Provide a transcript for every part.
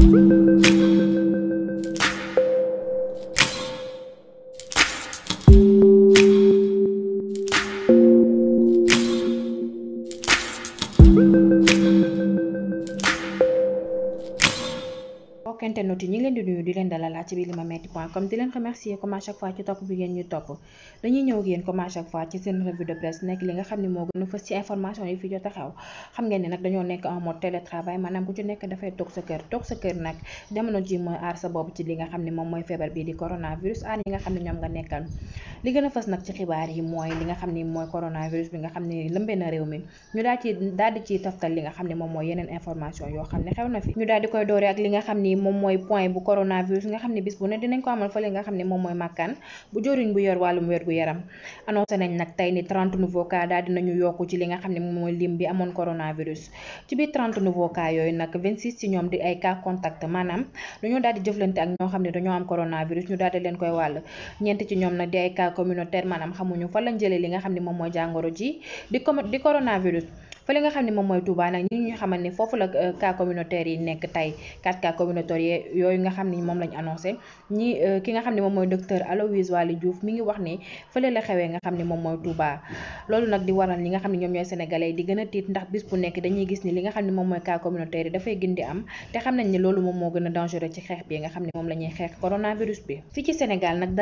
Música mbokk internet yi ñu ku ci nekk dafay toog sa kër toog sa kër nag jamono ji mooy aar sa bopp ci li nga xam ne mooy feebar bii di coronavirus aar yi nga xam ne ñoom nga nekkal li gën fës nag ci xibaar yi mooy li nga xam ne mooy coronavirus bi nga xam ne lëmbee na réew mi ñu daal ci daal di ciy li nga xam ne moom mooy yeneen information yoo xam ne xew na fi ñu daal koy doore ak li nga xam ni moom mooy point bu coronavirus nga xam ne bis bu ne dinañ ko amal fële nga xam ne moom mooy màkkaan bu joriñ bu yor wàllum wérgu yaram annoncé nañ nag tey ni 30 nouveaux cas daal dinañu yokku ci li nga xam ne moom mooy lim bi amoon coronavirus ci biir 30 nouveaux cas yooyu nag 26 ci ñoom di ay cas contact maanaam dañoo daal jëflante ak ñoo xam ne dañoo am coronavirus ñu daal di leen koy wàll ñeent ci ñoom nag di ay cas communautaire li nga xam ne moom mooy jàngoro fële nga xam ne moom mooy Touba nag ñi ñu xamal ne foofu la euh, cas communautaire yi nekk tey 4 communautaire yooyu nga xam ni moom lañ annoncé ñi euh, ki nga xam ne moom mooy docteur loolu nag di waral ñi nga xam ne ñoom ñooy sénégalais di gën tiit ndax bis bu nekk dañuy gis ni li nga xam ne moom mooy cas communautaire yi dafay gën di am te xam nañ ne loolu moom moo gën a ci xeex bi nga xam ne moom la xeex coronavirus bi fii ci Sénégal nag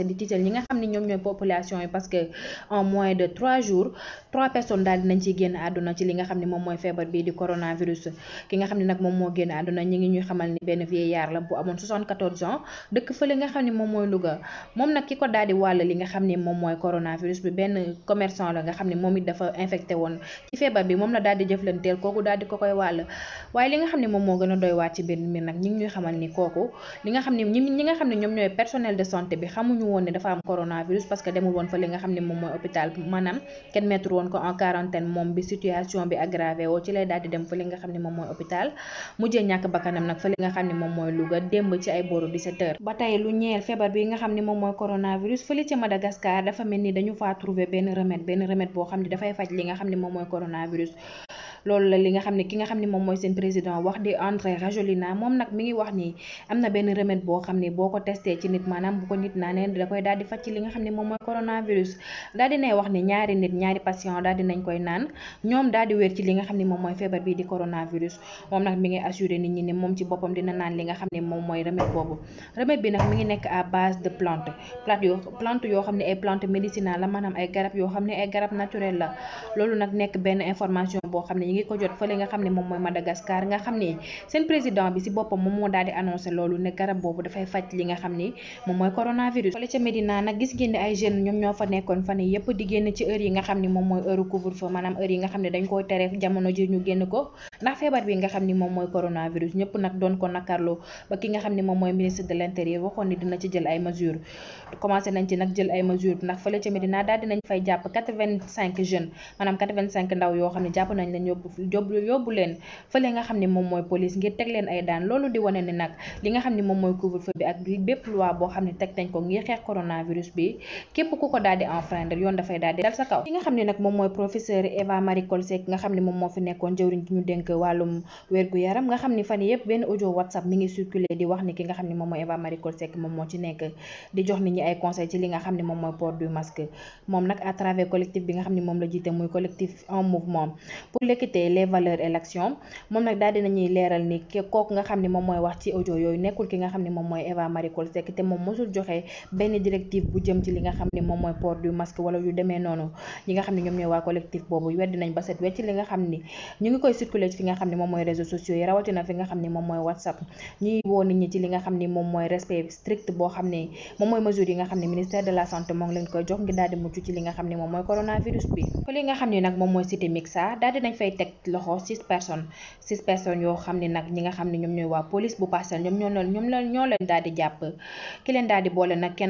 commencé di tiital ñi nga xam ne ñoom ñooy population yi parce que en moins de trois jours trois personnes daal dinañ ciy génn àdduna ci li nga xam ne moom mooy feebar bii di coronavirus ki nga xam ni la bu amoon moom mooy dafa infecté woon ci feebar bi moom la daal di jëflanteel kooku daal di ko koy wàll waaye li nga xam ne moom moo gën a doy waat ci benn mbir nag ñi ngi ñuy ni kooku li nga xam ne ñi nga xam ne ñoom ñooy personnel de santé bi xamuñ xamuñu woon ne dafa am coronavirus parce que demul woon fa li nga xam ne moom mooy hôpital maanaam kenn mettre woon ko en quarantaine moom bi situation bi aggravé woo ci lay daal dem fa li nga xam ne moom mooy hôpital démb ci ay booru 17 heures ba tey lu ñeel feebar bi nga xam ne moom mooy coronavirus fële ci Madagascar dafa mel ni dañu faa trouver benn remède benn remède boo xam ne dafay faj li nga xam ne moom mooy coronavirus loolu la li nga xam ne ki nga xam ne lenn da koy daal di faj ci li nga xam ne moom mooy coronavirus daal di nay wax ne ñaari nit ñaari patient daal di nañ koy naan ñoom daal di wér ci li nga xam ne moom mooy feebar bii di coronavirus moom nag mi ngi assuré nit ñi ne moom ci boppam dina naan li nga xam ne moom mooy remède boobu remède bi nag mi ngi nekk à base de plante plante yoo plante yoo xam ne ay plante médicinale la maanaam ay garab yoo xam ne ay garab naturel la loolu nekk benn information boo xam ne ñi ngi ko jot fële moom mooy Madagascar nga xam ne seen président bi si boppam moom moo daal di annoncé loolu ne garab boobu dafay faj li nga xam ni fële ca Médina nag gis ngeen ne ay jeunes ñoom ñoo fa nekkoon fan yëpp di génn ci heure yi nga xam ni moom mooy heure couvre feu maanaam heure yi nga xam ni moom mooy police ngir teg leen ay daan loolu di wane ni nag li nga xam ni moom mooy couvre feu bi ak bépp loi boo xam ne teg nañ ko ngir xeex coronavirus bi képp ku ko daal di enfreindre yoon dafay daal di dal sa kaw ki nga xam ne nag moom mooy professeur Eva Marie Coll nga xam ni moom la jiite muy collectif en mouvement pour l'équité les valeurs et l'action moom nag daal dinañuy leeral ni kooku nga xam ne moom mooy wax ci audio yooyu nekkul ki nga xam ne moom mooy Eva Marie Coll te moom mosul joxe benn directive bu jëm ci li nga xam ne moom mooy port du masque wala yu demee noonu ñi nga xam ne ñoom ñooy waa collectif boobu weddi nañ ba set wecc li nga xam ni ñu ngi koy circuler ci fi nga xam ne moom mooy réseaux sociaux yi rawatina fi nga xam ne moom mooy whatsapp ñuy woo nit ñi ci li nga xam ni moom mooy respect strict boo xam ne moom mooy mesure yi nga xam ne ministère de la santé moom leen koy jox ngir daal di mucc ci li nga xam ne moom mooy coronavirus bi ko li nga xam ne nag moom mooy cité mixa daal di nañ fay teg loxo six personnes six personnes yoo xam ne nag ñi nga xam ne ñoom ñooy waa police bu Parcelles ñoom ñoo ñoom ñoo leen daal di jàpp ki leen daal di boole nag kenn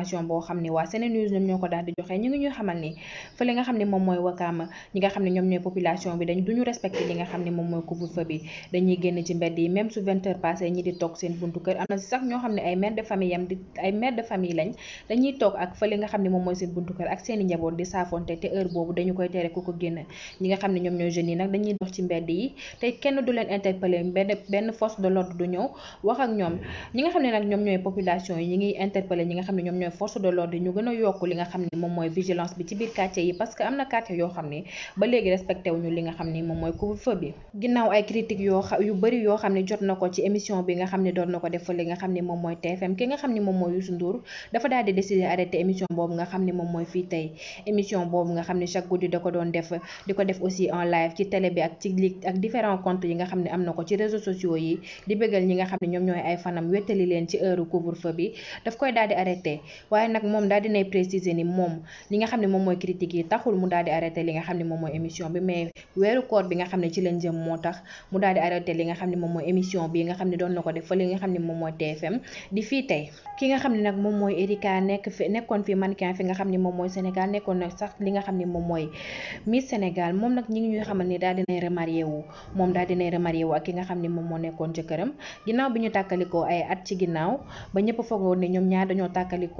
information boo xam ne waa SeneNews ñoom ñoo ko daal di joxe ñi nga xam ne ñoom ñooy population yi ñi nga xam ne ñoom ñooy jeunes yi ñi nga xam ne ñoom ñooy population yi ñi nga xam ne ñoom ñooy force de l'ordre ñu gën a yokk li nga xam ni moom mooy vigilance bi ci biir quartier yi parce que am na quartier yoo xam ni ba léegi respecté wuñu li nga xam ni moom mooy couvre-feu bi ginnaaw ay critiques yu bëri yoo xam ni jot na ko ci émission bi nga xam doon na ko def li nga xam ni moom mooy TFM ki nga xam ni moom mooy Youssou Ndour dafa daal di émission boobu nga xam ni moom mooy fii tey émission boobu nga xam ni chaque guddi da ko doon def di ko def aussi en live ci télé bi ak ci li ak différents comptes yi nga xam ne am na ko ci réseaux sociaux yi di bëggal ñi nga xam ne ñoom ñooy ay fanam wettali leen ci heure couvre bi daf koy daal di arrêté waaye nag moom daal dinay préciser ni moom li nga xam ne moom mooy critique yi taxul mu daal di arrêté li nga xam ne moom mooy émission bi mais weeru koor bi nga xam ne ci lañ jëm moo tax mu daal di li nga xam ne moom mooy émission bi nga xam ne doon na ko def fa li nga xam ne moom mooy TFM di fii tey ki nga xam ne nag moom mooy Erika nekk fi nekkoon fi mannequin fi nga xam ne moom mooy Sénégal nekkoon nag sax li nga xam ne moom mooy Miss Sénégal moom nag ñi ngi ñuy xamal ni daal dinay remarié wu moom daal dinay remarié wu ki nga xam ne moom moo nekkoon jëkkëram ginnaaw bi ñu tàkkalikoo ay at ci ginnaaw ba ñëpp foogoon ne ñoom ñaar dañoo tàkkalikoo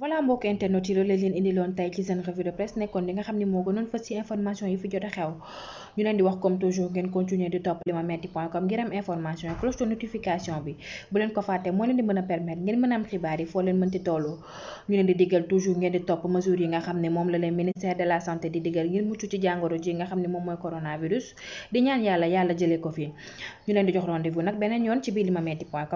voilà mbokk internet yi loolu la leen indi loon tey ci seen revue de presse nekkoon li nga xam ne moo gënoon fës ci information yi fi jot a xew ñu leen di wax comme ngeen continuer di topp limametti point com ngir am information a ngeen mën a xibaar yi foo leen mënti tollu ñu leen di diggal ngeen di topp mesures yi nga xam ne moom la leen ministère de la santé di diggal ngir mucc ci jàngoro ji nga xam ne moom mooy coronavirus di ñaan yàlla yàlla jëlee fi ñu leen di jox rendez-vous yoon ci biir limametti point